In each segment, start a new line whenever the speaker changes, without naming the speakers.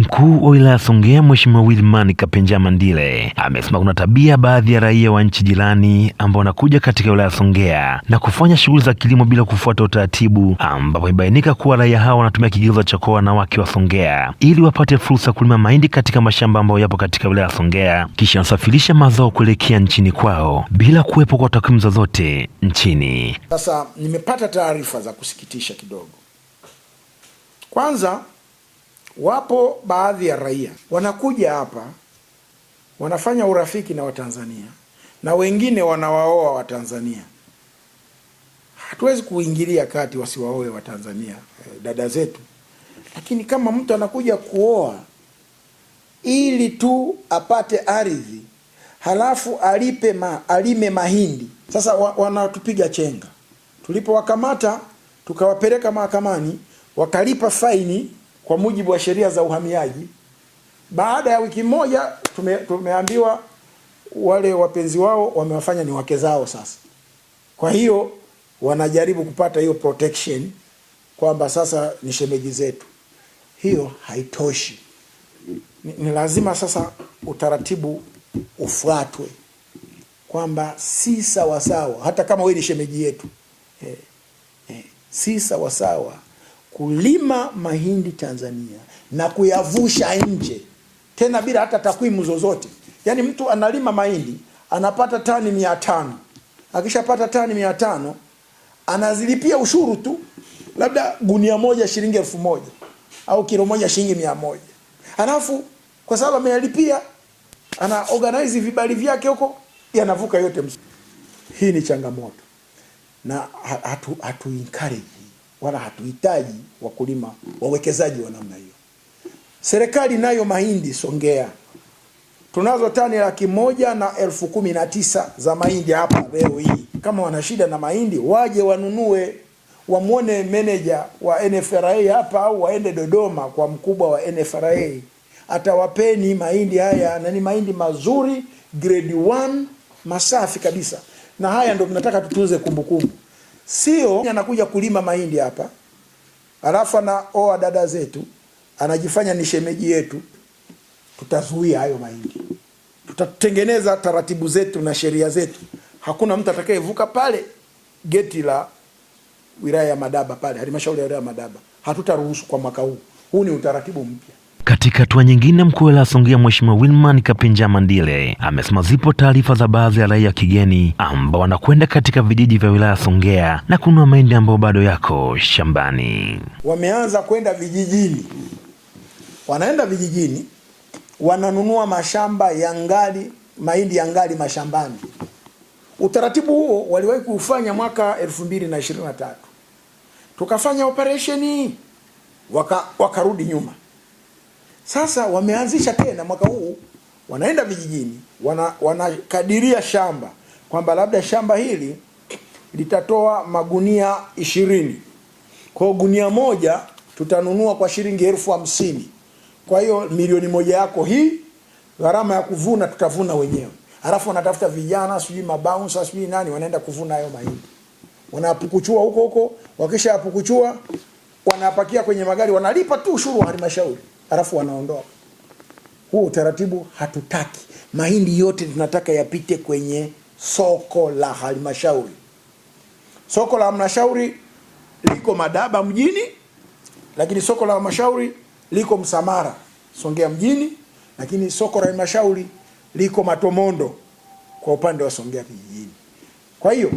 Mkuu wa wilaya Songea Mheshimiwa Wilman Kapenja mandile amesema kuna tabia baadhi ya raia wa nchi jirani ambao wanakuja katika wilaya Songea na kufanya shughuli za kilimo bila kufuata utaratibu, ambapo imebainika kuwa raia hao wanatumia kigezo cha kuoa wanawake wa Songea ili wapate fursa ya kulima mahindi katika mashamba ambayo yapo katika wilaya ya Songea, kisha wanasafirisha mazao kuelekea nchini kwao bila kuwepo kwa takwimu zozote nchini.
Sasa nimepata taarifa za kusikitisha kidogo. Kwanza Wapo baadhi ya raia wanakuja hapa wanafanya urafiki na Watanzania na wengine wanawaoa Watanzania. Hatuwezi kuingilia kati wasiwaoe Watanzania eh, dada zetu, lakini kama mtu anakuja kuoa ili tu apate ardhi halafu alipe ma, alime mahindi. Sasa wa, wanatupiga chenga. Tulipowakamata tukawapeleka mahakamani wakalipa faini kwa mujibu wa sheria za uhamiaji. Baada ya wiki moja tume, tumeambiwa wale wapenzi wao wamewafanya ni wake zao sasa. Kwa hiyo wanajaribu kupata hiyo protection kwamba sasa ni shemeji zetu. Hiyo haitoshi. Ni, ni lazima sasa utaratibu ufuatwe kwamba si sawasawa, hata kama wewe ni shemeji yetu eh, eh, si sawasawa kulima mahindi Tanzania na kuyavusha nje tena bila hata takwimu zozote. Yaani mtu analima mahindi anapata tani mia tano, akishapata tani mia tano anazilipia ushuru tu, labda gunia moja shilingi elfu moja au kilo moja shilingi mia moja halafu kwa sababu ameyalipia ana organize vibali vyake huko yanavuka yote. Hii ni changamoto na hatu, hatu encourage wala hatuhitaji wakulima wawekezaji wa namna hiyo. Serikali nayo mahindi Songea tunazo tani laki moja na elfu kumi na tisa za mahindi hapa leo hii. Kama wana shida na mahindi waje wanunue, wamwone meneja wa NFRA hapa au waende Dodoma kwa mkubwa wa NFRA atawapeni mahindi haya, na ni mahindi mazuri grade 1 masafi kabisa, na haya ndio tunataka tutunze kumbukumbu. Sio anakuja kulima mahindi hapa alafu anaoa dada zetu, anajifanya ni shemeji yetu. Tutazuia hayo mahindi, tutatengeneza taratibu zetu na sheria zetu. Hakuna mtu atakayevuka pale geti la wilaya ya Madaba pale, halmashauri ya wilaya ya Madaba, hatutaruhusu kwa mwaka huu. Huu ni utaratibu mpya.
Katika hatua nyingine, mkuu wa wilaya Songea Mheshimiwa Wilman Kapinja Mandile amesema zipo taarifa za baadhi ya raia wa kigeni ambao wanakwenda katika vijiji vya wilaya Songea na kununua mahindi ambayo bado yako shambani.
Wameanza kwenda vijijini, wanaenda vijijini, wananunua mashamba ya ngali, mahindi ya ngali mashambani. Utaratibu huo waliwahi kuufanya mwaka 2023 tukafanya operesheni, wakarudi waka nyuma sasa wameanzisha tena mwaka huu, wanaenda vijijini, wanakadiria wana, shamba kwamba labda shamba hili litatoa magunia ishirini. Kwa gunia moja tutanunua kwa shilingi elfu hamsini. Kwa hiyo milioni moja yako hii, gharama ya kuvuna tutavuna wenyewe. Alafu wanatafuta vijana, sijui mabaunsa, sijui nani, wanaenda kuvuna hayo mahindi, wanapukuchua huko huko. Wakisha yapukuchua, wanapakia kwenye magari, wanalipa tu ushuru wa halmashauri halafu wanaondoa. Huo utaratibu hatutaki. Mahindi yote tunataka yapite kwenye soko la halmashauri. Soko la halmashauri liko Madaba mjini, lakini soko la halmashauri liko Msamara Songea mjini, lakini soko la halmashauri liko Matomondo kwa upande wa Songea vijijini. Kwa hiyo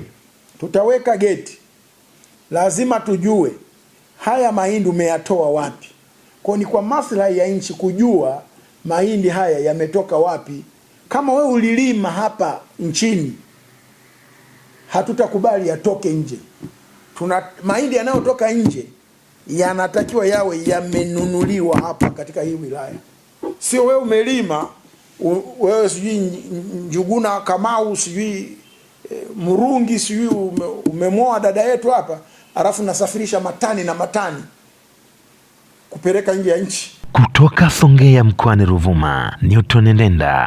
tutaweka geti, lazima tujue haya mahindi umeyatoa wapi. Kwa ni kwa maslahi ya nchi kujua mahindi haya yametoka wapi. Kama we ulilima hapa nchini, hatutakubali yatoke nje. Tuna mahindi yanayotoka nje yanatakiwa yawe yamenunuliwa hapa katika hii wilaya, sio wewe umelima wewe sijui Njuguna Kamau sijui eh, Murungi sijui umemwoa umemoa dada yetu hapa, alafu nasafirisha matani na matani kupeleka nje ya nchi.
Kutoka Songea mkoani Ruvuma, Newton Ndenda.